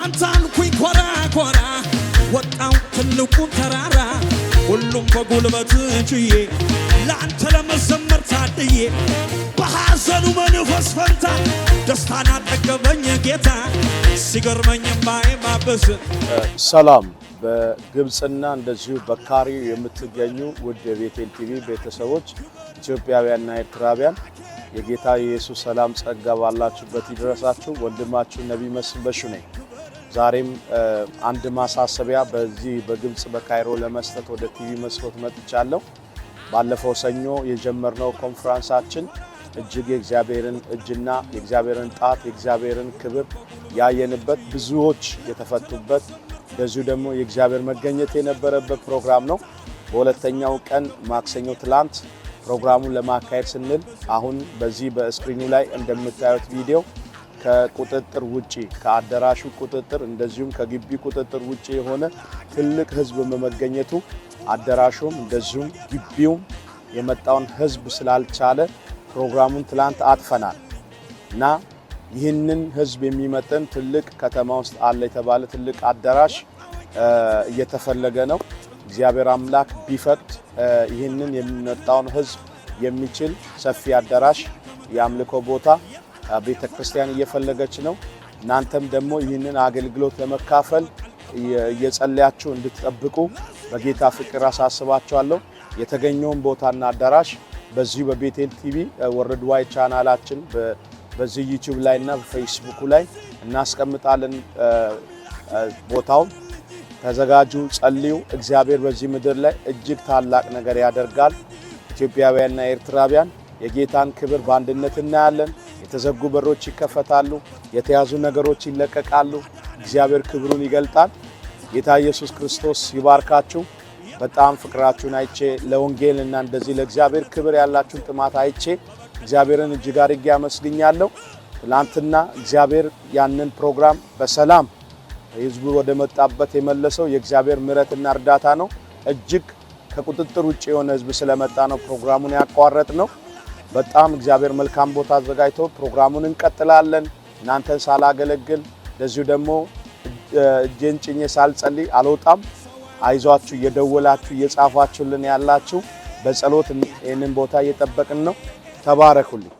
በአንተ አልኩኝ ኮራ ኮራ ወጣው ትልቁን ተራራ ሁሉም በጉልበት ችዬ ለአንተ ለመዘመር ታድዬ በሐዘኑ መንፈስ ፈንታ ደስታን አጠገበኝ ጌታ ሲገርመኝ እምባዬ ማበስ። ሰላም በግብፅና እንደዚሁ በካሪው የምትገኙ ውድ የቤቴል ቲቪ ቤተሰቦች ኢትዮጵያውያንና ኤርትራውያን የጌታ የኢየሱስ ሰላም ጸጋ ባላችሁበት ይድረሳችሁ። ወንድማችሁ ነቢይ መስፍን በሹ ነኝ። ዛሬም አንድ ማሳሰቢያ በዚህ በግብፅ በካይሮ ለመስጠት ወደ ቲቪ መስኮት መጥቻለሁ። ባለፈው ሰኞ የጀመርነው ኮንፈረንሳችን እጅግ የእግዚአብሔርን እጅና የእግዚአብሔርን ጣት የእግዚአብሔርን ክብር ያየንበት ብዙዎች የተፈቱበት እንደዚሁ ደግሞ የእግዚአብሔር መገኘት የነበረበት ፕሮግራም ነው። በሁለተኛው ቀን ማክሰኞ ትላንት ፕሮግራሙን ለማካሄድ ስንል አሁን በዚህ በስክሪኑ ላይ እንደምታዩት ቪዲዮ ከቁጥጥር ውጪ ከአዳራሹ ቁጥጥር እንደዚሁም ከግቢ ቁጥጥር ውጪ የሆነ ትልቅ ህዝብ በመገኘቱ አዳራሹም እንደዚሁም ግቢውም የመጣውን ህዝብ ስላልቻለ ፕሮግራሙን ትላንት አጥፈናል እና ይህንን ህዝብ የሚመጥን ትልቅ ከተማ ውስጥ አለ የተባለ ትልቅ አዳራሽ እየተፈለገ ነው። እግዚአብሔር አምላክ ቢፈቅድ ይህንን የሚመጣውን ህዝብ የሚችል ሰፊ አዳራሽ የአምልኮ ቦታ ቤተ ክርስቲያን እየፈለገች ነው። እናንተም ደግሞ ይህንን አገልግሎት ለመካፈል እየጸለያችሁ እንድትጠብቁ በጌታ ፍቅር አሳስባችኋለሁ። የተገኘውን ቦታና አዳራሽ በዚሁ በቤቴል ቲቪ ወርልድ ዋይ ቻናላችን በዚህ ዩቲዩብ ላይ እና በፌስቡኩ ላይ እናስቀምጣለን። ቦታው ተዘጋጁ፣ ጸልዩ። እግዚአብሔር በዚህ ምድር ላይ እጅግ ታላቅ ነገር ያደርጋል። ኢትዮጵያውያንና ኤርትራውያን የጌታን ክብር በአንድነት እናያለን። የተዘጉ በሮች ይከፈታሉ። የተያዙ ነገሮች ይለቀቃሉ። እግዚአብሔር ክብሩን ይገልጣል። ጌታ ኢየሱስ ክርስቶስ ይባርካችሁ። በጣም ፍቅራችሁን አይቼ እና እንደዚህ ለእግዚአብሔር ክብር ያላችሁን ጥማት አይቼ እግዚአብሔርን እጅግ አድርጌ አመስግኛለሁ። ትላንትና እግዚአብሔር ያንን ፕሮግራም በሰላም ህዝቡ ወደ መጣበት የመለሰው የእግዚአብሔር ምሕረትና እርዳታ ነው። እጅግ ከቁጥጥር ውጭ የሆነ ህዝብ ስለመጣ ነው ፕሮግራሙን ያቋረጥ ነው። በጣም እግዚአብሔር መልካም ቦታ አዘጋጅቶ ፕሮግራሙን እንቀጥላለን። እናንተን ሳላገለግል እንደዚሁ ደግሞ እጄን ጭኜ ሳልጸልይ አልወጣም። አይዟችሁ፣ እየደወላችሁ እየጻፏችሁልን ያላችሁ በጸሎት ይህንን ቦታ እየጠበቅን ነው። ተባረኩልኝ።